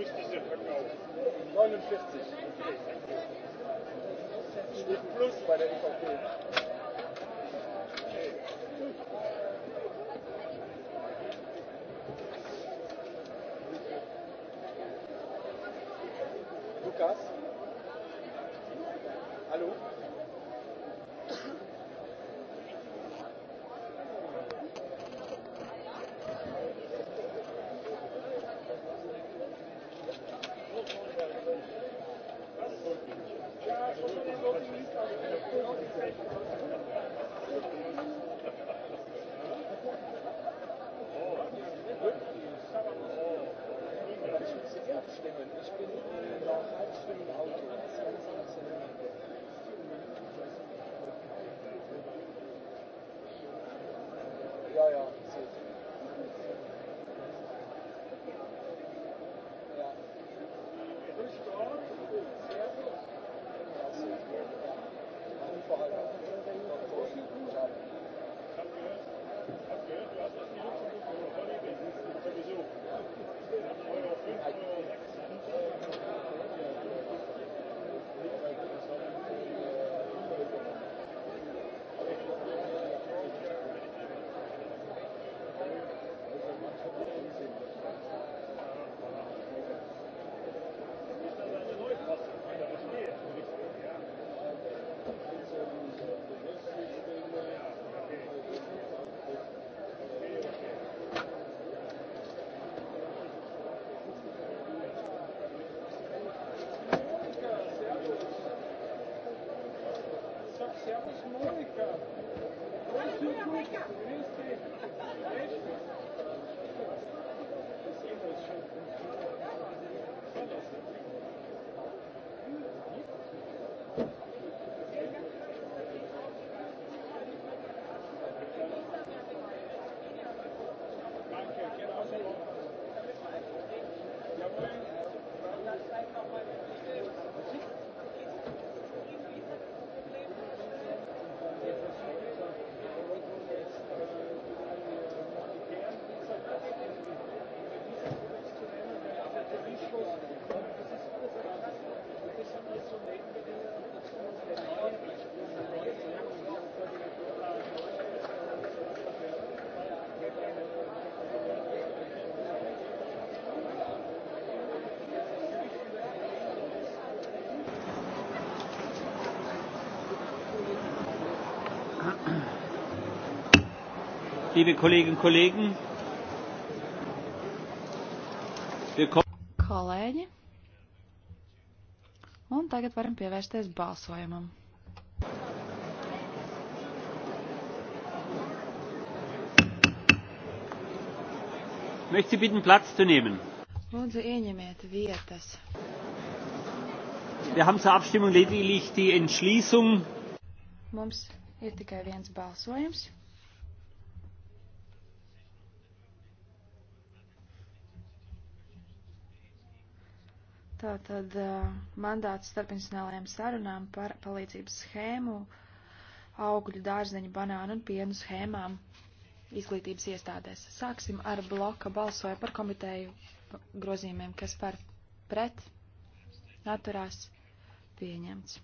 Wo ist das denn verkauft? 49. Steht Plus bei der EVP. Okay. Lukas? Hallo? liebe Kolleginnen und Kollegen. Kolēģi. Un tagad varam pievērsties balsojumam. Möchte bitten Platz zu nehmen. Lūdzu, ieņemiet vietas. Wir haben zur Abstimmung lediglich die Entschließung. Mums ir tikai viens balsojums. Tātad mandāts starpinstitucionālajām sarunām par palīdzības schēmu, augļu, dārzeņu, banānu un pienu schēmām izglītības iestādēs. Sāksim ar bloka balsoju par komiteju grozījumiem, kas par pret atturās pieņemts.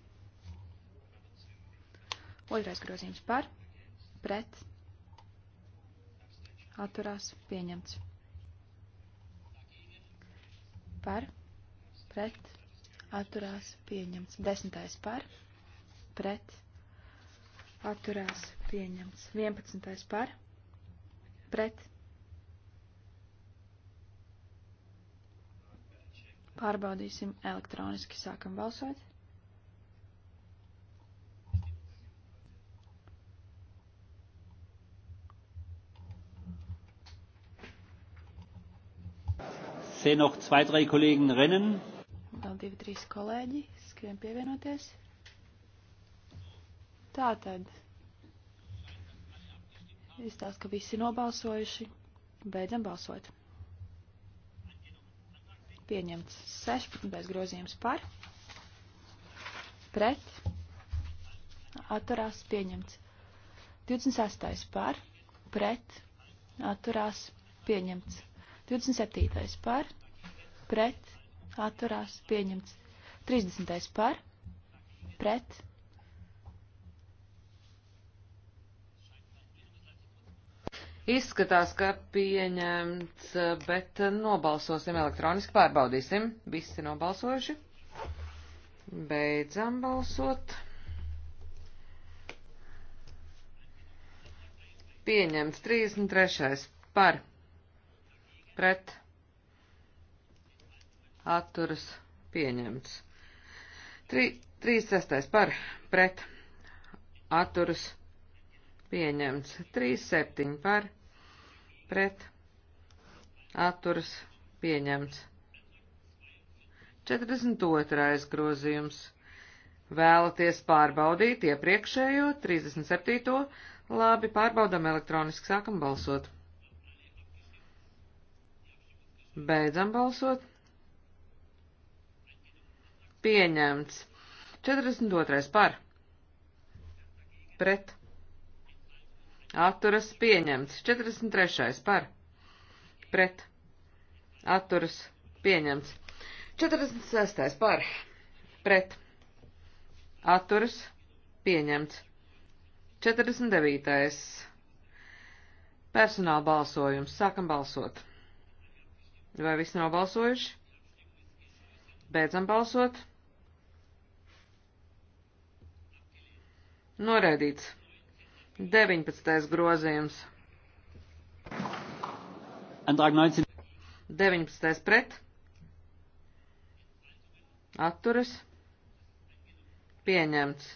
Otrais grozījums par pret atturās pieņemts. Par pret pret, atturās, pieņemts. Desmitais par, pret, atturās, pieņemts. Vienpadsmitais par, pret. Pārbaudīsim elektroniski, sākam balsot. sehe noch zwei, drei Kollegen rennen divi, trīs kolēģi, skrien pievienoties. Tātad, izstāst, ka visi nobalsojuši, beidzam balsot. Pieņemts 16 grozījums par, pret, atturās pieņemts 26 par, pret, atturās pieņemts 27 par, pret, atturās pieņemts. 30. par, pret. Izskatās, ka pieņemts, bet nobalsosim elektroniski, pārbaudīsim. Visi nobalsojuši. Beidzam balsot. Pieņemts 33. par, pret atturas pieņemts. 36. par pret atturas pieņemts. 37. par pret atturas pieņemts. 42. grozījums. Vēlaties pārbaudīt iepriekšējo 37. Labi, pārbaudam elektroniski, sākam balsot. Beidzam balsot pieņemts. 42. par, pret, atturas pieņemts. 43. par, pret, atturas pieņemts. 46. par, pret, atturas pieņemts. 49. Personāla balsojums. Sākam balsot. Vai visi nav balsojuši? Beidzam balsot. Noraidīts. 19. grozījums. 19. pret. Atturas. Pieņemts.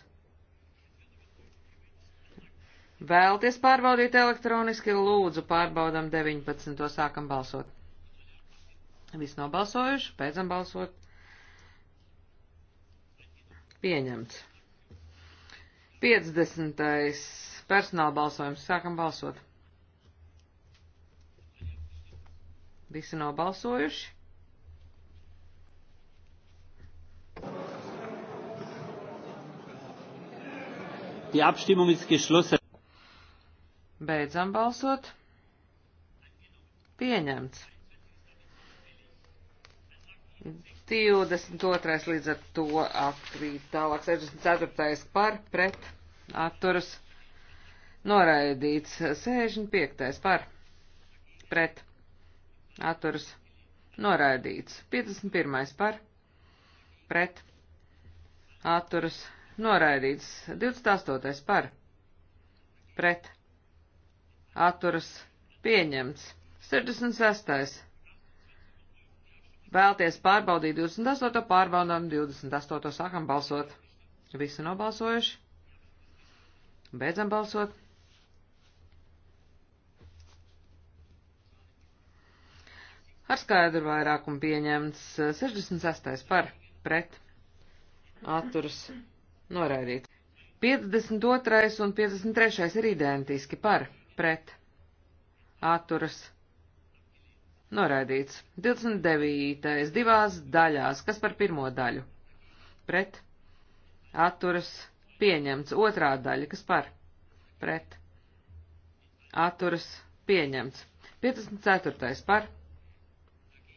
Vēlties pārbaudīt elektroniski, lūdzu pārbaudam 19. sākam balsot. Viss nobalsojuši, beidzam balsot. Pieņemts. 50. personāla balsojums. Sākam balsot. Visi nobalsojuši. Die Abstimmung ist geschlossen. Beidzam balsot. Pieņemts. 22. līdz ar to atkrīt tālāk 64. par pret atturas noraidīts 65. par pret atturas noraidīts 51. par pret atturas noraidīts 28. par pret atturas pieņemts 66. Vēlties pārbaudīt 28. pārbaudām 28. sākam balsot. Visi nobalsojuši. Beidzam balsot. Ar skaidru vairākumu pieņemts 66. par pret atturas noraidīt. 52. un 53. ir identiski par pret atturas noraidīt Noraidīts. 29. divās daļās. Kas par pirmo daļu? Pret. Atturas. Pieņemts. Otrā daļa. Kas par? Pret. Atturas. Pieņemts. 54. par.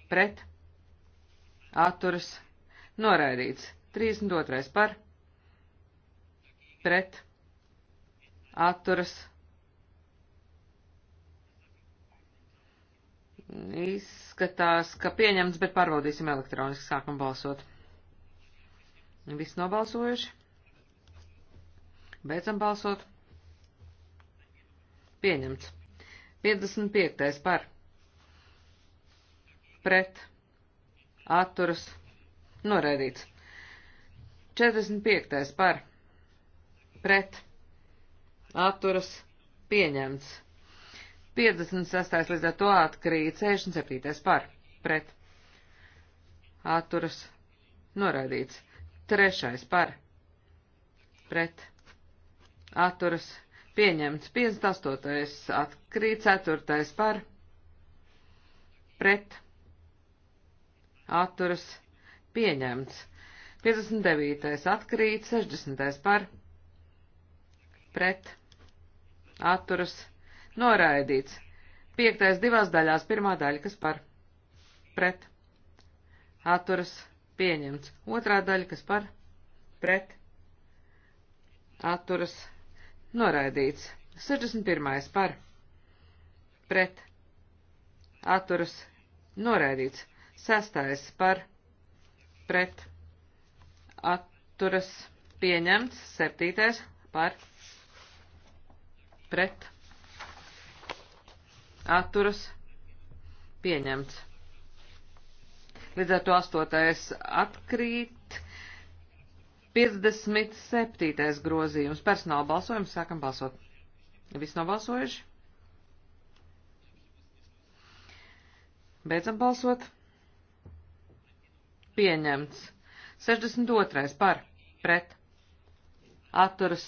Pret. Atturas. Noraidīts. 32. par. Pret. Atturas. Izskatās, ka pieņemts, bet pārbaudīsim elektroniski. Sākam balsot. Viss nobalsojuši. Beidzam balsot. Pieņemts. 55. par. Pret. Atturas. Noraidīts. 45. par. Pret. Atturas. Pieņemts. 56. līdz ar to atkrīt 67. par pret. Atturas noraidīts. 3. par pret. Atturas pieņemts. 58. atkrīt 4. par pret. Atturas pieņemts. 59. atkrīt 60. par pret. Atturas pieņemts Noraidīts. Piektais divās daļās, pirmā daļa, kas par? Pret. Atturas. Pieņemts. Otrā daļa, kas par? Pret. Atturas. Noraidīts. 61. par. Pret. Atturas. Noraidīts. Sestais par. Pret. Atturas. Pieņemts. Septītais par. Pret atturas pieņemts. Līdz ar to astotais atkrīt. 57. grozījums. Personāla balsojums. Sākam balsot. Viss nobalsojuši? Beidzam balsot. Pieņemts. 62. par. Pret. Atturas.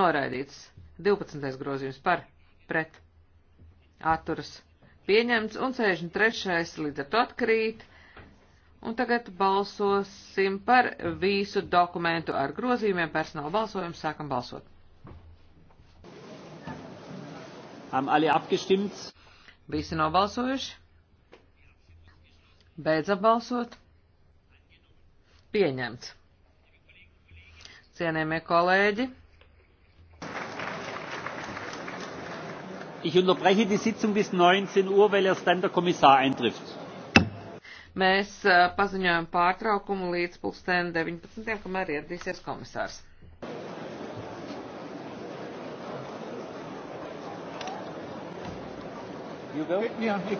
Noraidīts. 12. grozījums par. Pret atturas pieņemts, un 63. līdz ar to atkrīt. Un tagad balsosim par visu dokumentu ar grozījumiem, personāla balsojumu, sākam balsot. Visi nobalsojuši. Beidzam balsot. Pieņemts. Cienējamie kolēģi, Ich unterbreche die Sitzung bis 19 Uhr, weil erst dann der Kommissar eintrifft. Mēs äh, paziņojam pārtraukumu līdz pulksten 19, kamēr ieradīsies komisārs. You go? Yeah.